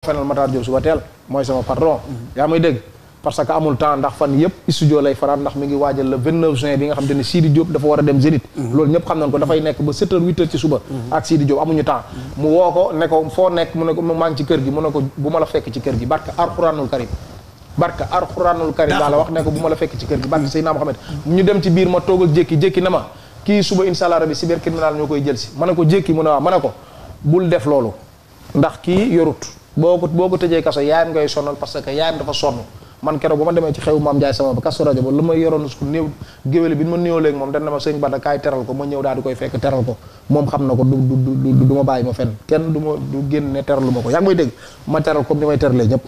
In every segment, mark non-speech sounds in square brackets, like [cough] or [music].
fenal Matar Diop suba teel mooy sama patron yaa may dégg parce que amul temps ndax fan yëpp studio lay fanaan ndax mi ngi waajal le 29 juin bi nga xam te ne Sidi Diop dafa war a dem Zénith mm-hmm. loolu ñëpp xam nañ ko dafay nekk ba 7 heures 8 heures ci suba mm-hmm. ak Sidi Diop amuñu temps mm-hmm. mu woo ko ne ko foo nekk mu ne ko ci kër gi mu ne ko bu ma la fekk ci kër gi barka Alxuraanul Karim barka Alxuraanul Karim daa la wax ne bu ma la fekk ci kër gi barka Seydina Mohamed na ma kii boo ko boo ko tëjee kaso yaayam ngay sonal parce que yaayam dafa sonn man keroog ba ma demee ci xew maam Ndiaye sama ba kaso rajo ba lu ma yoroon su néew géwél bi ma néew léegi moom dana ma sëñ Bada kaay teral ko ma ñëw daal koy fekk teral ko moom xam na ko du du du ma bàyyi ma fenn kenn du ma du génn ne teralu ko yaa ngi may dégg ma teral ko ni may teralee ñëpp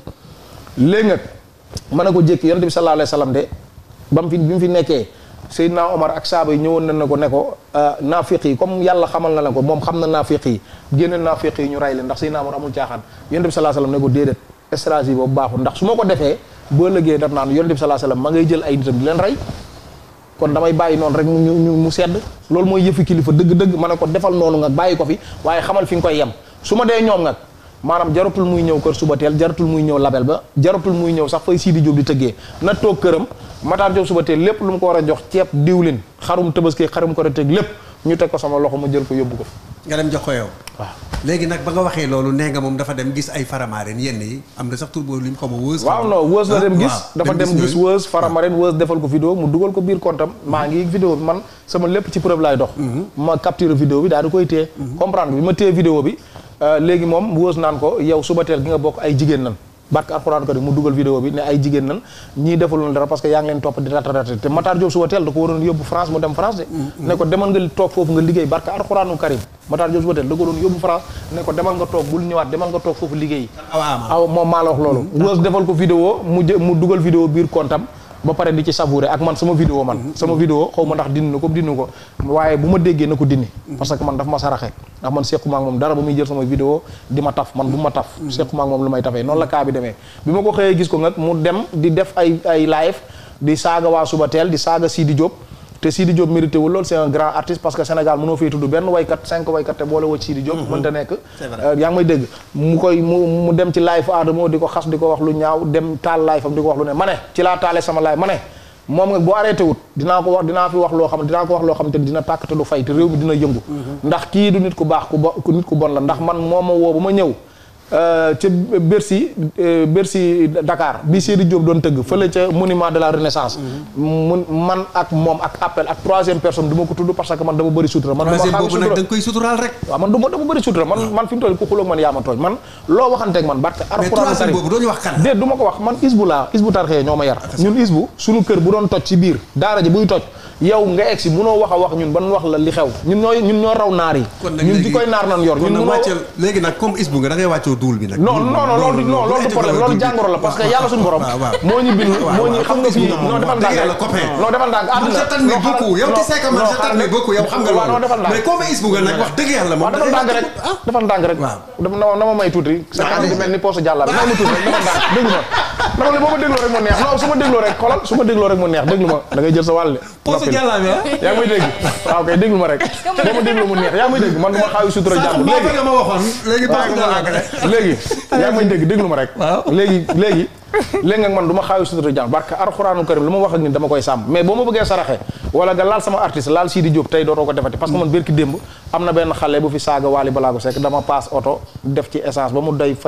léegi nag mën na ko jékki yonent bi sallallahu alayhi wa sallam de ba mu fi bi mu fi nekkee Seydina Omar ak saaba yi ñëwoon na ne ko ne ko euh, naafiq yi comme yàlla xamal na la ko moom xam na naafiq yi génne naafiq yi ñu rey leen ndax Seydina Omar amul caaxaan yonent bi salaa la ne ko déedéet stratégie boobu baaxul ndax su ko defee boo lëggee daf naan yonent bi salaa salaam ma ngay jël ay nitam di leen rey kon damay bàyyi noonu rek mu mu sedd loolu mooy yëfi kilifa dëgg-dëgg ma ne ko defal noonu nga bàyyi ko fi waaye xamal fi nga koy yem su ma dee ñoom nag maanaam jaratul muy ñëw kër suba teel jaratul muy ñëw label ba jaratul muy ñëw sax fay Sidi Diop di tëggee na toog këram Matar Diop suba teel lépp lu mu ko war a jox ceeb diwlin xarum tabaski xarum ko teg lépp ñu teg ko sama loxo ma jël ko yóbbu ko. nga dem ko yow. waaw léegi nag ba nga waxee loolu nee nga moom dafa dem gis ay faramaren yenn yi am na sax tur boobu lim xaw ma wëes waaw non wëes la ah, dem gis dafa dem gis wëes faramaren wëes defal ko vidéo mu dugal ko biir compte am maa ngi vidéo bi man sama lépp ci preuve laay dox mhm. ma capture vidéo bi daal di koy téye mhm. comprendre bi ma téye vidéo bi Euh, léegi moom wóos naan ko yow suba teel gi nga bokk ay jigéen nan barke alxuraan kariim mu dugal vidéo bi ne ay jigéen nan ñii defaluñu dara parce que yaa ngi leen topp di ratarate te Matar Diop suba da ko waroon yóbbu France mu dem France de mm, mm. ne ko demal nga toog foofu nga liggéey barke alxuraanu karim Matar Diop suba teel da ko waroon yóbbu France ne ko demal nga toog bul ñëwaat demal nga toog foofu liggéey moom maa loolu mm, wóos defal ko vidéo dugal vidéo biir kontam ba pare di ci savourer ak man sama vidéo man mhm. sama vidéo xaw ma ndax dindi na ko dindi ko waaye bu ma déggee na ko dindi mhm. parce que man daf ma saraxe ndax man sequma ak moom dara ba muy jël sama vidéo di ma taf man bu ma taf mhm. sequma ak moom lu may tafee noon la kaa bi demee bi ma ko xëyee gis ko nag mu dem di def ay ay live di saaga waa suba teel di saaga Sidi Diop te Sidi Diop mérité wul lool c'est un grand artiste parce que Sénégal mënoo fii tudd benn waykat cinq waykat te boole woo Sidi Diop mhm. mënta nekk euh, yaa may dégg mu koy mu dem ci live Adamo di ko xas di ko wax lu ñaaw dem taal live am di ko wax lu ne ma ne ci laa taale sama live ma ne moom nga boo arrêté wut dinaa ko wax dinaa fi wax loo xam dinaa ko wax loo xam te dina tàkk te du fay te réew mi dina yëngu mhm. ndax kii du nit ku baax ku nit ku bon la ndax man moo ma woo ba ma ñëw Euh, ca Bercy euh, Bercy Dakar bi Sidi Diop doon tëgg fële ca monument de la renaissance man ak moom ak appel ak troisième personne du ko tudd parce que man dama bëri sutura man boobu nga dama bëri sutura man ah. man fi man yaa ma tooñ man boobu doo ñu wax kan déet du ko wax man isbu laa isbu tarxee ñoo ma yar ah, ñun isbu suñu kër bu doon toj ci biir daara ji buy toj yow nga egg si munoo wax a wax ñun ban wax la li xew ñun ñoo raw naar yi ñun duul bi nag. non loolu non loolu jàngoro la parce que yàlla suñu borom. moo ñu bind moo ñu xam nga fii non defal ndànk non defal ah, ah. defal ndànk rek defal ndànk rek na ma may tuuti sa di mel ni poche jàlla bi ma tuuti defal ndànk dégg nga dama ne boo ma dégloo rek mu neex non su ma dégloo rek xoolal su ma dégloo rek mu neex déglu ma da jël sa wàll. poosu jàllaame ah. yaa may dégg waaw kay déglu ma rek boo ma déglu mu neex yaa ngi may dégg man du ma xaawi sutura jàmm léegi léegi may dégg déglu ma rek léegi léegi léegi nag man du ma xaawi sutura jàmm barke arxuraanu karim lu ma wax ak ni dama koy sàmm mais boo ma bëggee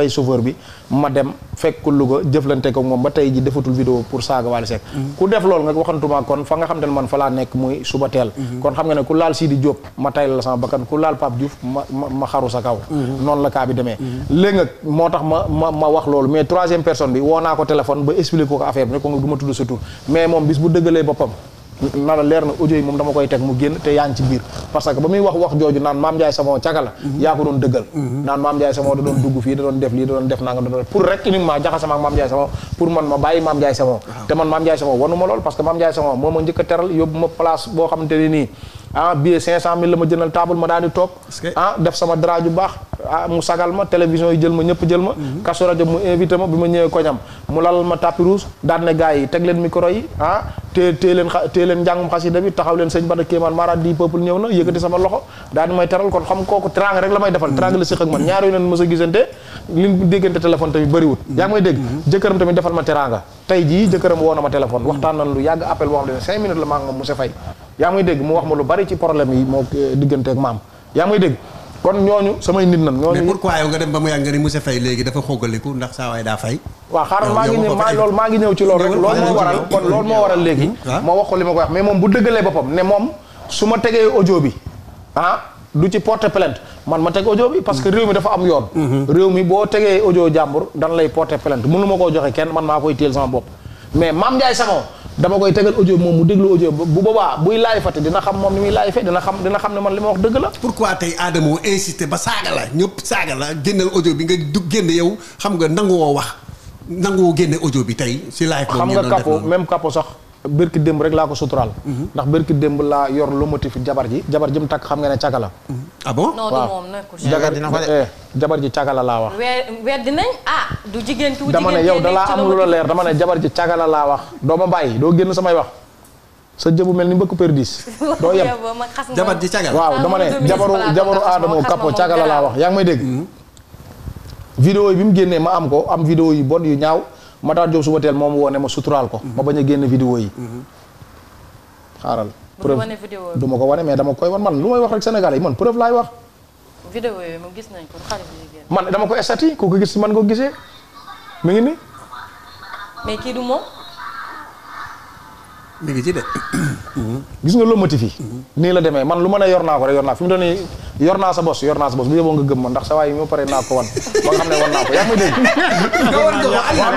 saraxe ma dem fekk ko Louga mm-hmm. mm-hmm. mm-hmm. moo tax ma ma ma wax loolu mais troisième personne bi woonaa naa ko téléphone ba expliqué ko affaire bi ne ko du ma tudd sa mais moom bis bu dëggalee boppam na leer na audio yi moom dama koy teg mu génn te yaa ngi ci biir parce que ba muy wax wax jooju naan maam Ndiaye Savon caga mhm. yaa ko doon dëggal mhm. naan maam Ndiaye Savon da doon dugg fii da doon def lii da doon def naa nga doon rek uniquement jaxase ma ak maam Ndiaye Savon pour man ma bàyyi maam Ndiaye Savon te man maam Ndiaye Savon wanu lool parce que ma ah billet 500000 la ma jëndal table ma daal di toog. ah def sama dara ju baax ah mu sagal ma télévision yi jël ma ñëpp jël ma. Mhm. kaso rajo mu invité ma bi ma ñëwee koñam mu lalal ma tapis rouge daan ne yi teg leen micro yi ah téye téye leen xa téye leen njàngum xasida bi taxaw leen sëñ Bada Kéemaan Mara di peuple ñëw na yëkkati sama loxo daal di may teral kon xam kooku trang rek la may defal. trang la séq ak man mhm. ñaar leen mës a gisante li ñu déggante téléphone tamit bëriwul. Mhm. yàgg appel boo xam yaa muy dégg mu wax ma lu bari ci problème yi moo eh, digganteeg maam yaa muy dégg kon ñooñu samay nit nan ñooñu mais pourquoi yow nga dem ba mu yàgg nga ni monsieur Faye léegi dafa xogaliku ndax saa waay daa fay waaw xaaral maa ngi ñëw ci loolu rek loolu moo waral léegi moo wax li ma ko wax mais moom bu dëggalee boppam ne moom su ma tegee ojo bi ah du ci porter plainte man ma teg audio bi parce que réew mi dafa am yoon mhm. réew mi boo tegee audio jàmbur dan lay porter plainte mënu ma koo joxe kenn man maa koy téel sama bopp mais Mame Ndiaye Savon dama koy tegal audio moom mu déglu audio bu boobaa buy laay fate dina xam moom ni muy laay fe dina xam dina xam ne man li ma wax dëgg la. pourquoi tey Adama wu insisté ba saaga la ñëpp saaga la génneel ojo bi nga du génn yow xam nga nanguwoo wax nangu nanguwoo génne ojo bi tey si laay. xam nga kapo même kapo sax. bërki démb rek laa ko suturaal. Mhm. ndax bërki démb laa yor lomotif jabar ji. jabar ji mu takk xam nga ne càkka la. Mhm. ah bon non du moom eh, ji càkka laa wax. weer weer dinañ ah. dama ne yow dalaa am lu leer dama ne jabar ji càkka laa wax doo bàyyi doo génn samay wax. sa jëbu mel ni mbëkk perdis [laughs] doo yem jabar ji cagal waaw dama ne jabaru jabaru aadamo kappo cagal laa wax yaa ngi may dégg vidéo yi bi mu génnee ma am ko am video yi bon yu ñaaw ma Matar Diop suba teel moom woo ne ma suturaal ko. Mhm. ma bañ a génn vidéo yi. Mhm. xaaral. preuve du ma ko wane mais dama koy wan man lu may wax rek Sénégalais yi man preuve laay wax. vidéo yooyu moom gis nañ ko man dama ko estati ku ko gis man ko gisee mi ngi ni mais kii du moom. mi ngi ci de. gis nga lomotif yi. nii la demee man lu ma ne yor naa ko rek yor naa fi mu doon nii yor naa sa bos yor naa sa bos bu yeboo nga ndax sa waay yi ma pare ko wan ba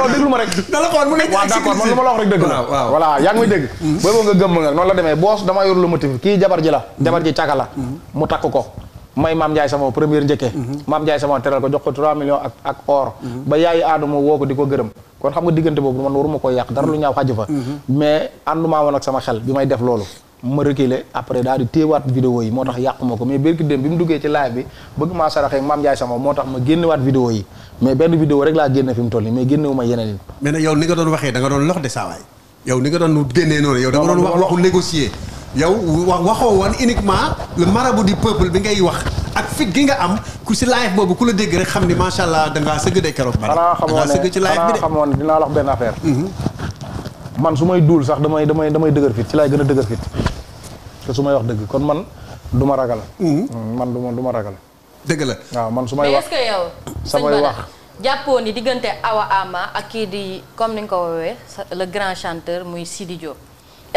dégg. nga ma rek. dala ko wan mu nekk lu ma la wax rek dëgg la. waaw voilà yaa ngi may dégg. Mm. bu yeboo nga gëm ma nga noonu la demee boos dama yor lomotif kii jabar ji la. Mm. jabar ji càkka la. Mm. mu takk ko. may maam Ndiaye sama première njëkkee. Mm-hmm. maam Ndiaye sama teral ko jox ko 3 millions ak ak or. Mm-hmm. ba yaay aadama woo ko di ko gërëm kon xam nga diggante boobu man waruma koo yàq dara lu ñaaw xaju fa mais àndumaa ak sama xel bi may def loolu ma reculer après daal di téewaat vidéo yi moo tax yàqu ma ko mais bérki dem bi mu duggee ci live bi ma génnewaat vidéo yi mais benn vidéo rek laa génne fi mu toll nii mais génnewuma yeneen yi mais nag yow ni nga doon waxee da nga doon lox de saawaay yow ni nga doon génnee noonu yow da doon waxu négocier yow waxoo woon uniquement le marabout du peuple bi ngay wax fit gi nga am ku si live boobu ku la dégg rek xam ni macha allah da ngaa sëgg de keroog. xanaa xamoon ne xanaa xamoon ne dinaa la wax benn affaire. man su may duul sax damay damay damay dëgër fit ci laay gën a dëgër fit te su may wax dëgg kon man du ma ragal. Mhm. Mm, man du ma du ma ragal. dëgg la waaw man su may wax mais est-ce que jàppoo ni diggante Awa Ama ak kii di comme ni nga ko woowee le grand chanteur muy Sidi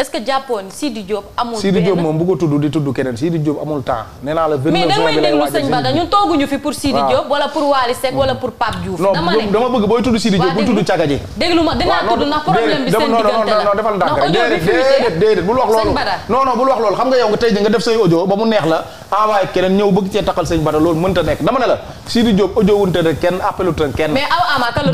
est-ce que jàppoon Sidi Diop amul Sidi Diop la mais dama bëgg seen diggante la bul wax loolu xam nga yow nga tey ji nga def say audio ba mu neex la envoyé keneen ñëw bëgg cee taxal sëñ Bada loolu mënta nekk dama ne la Sidi Diop audio wunte rek kenn appelu kenn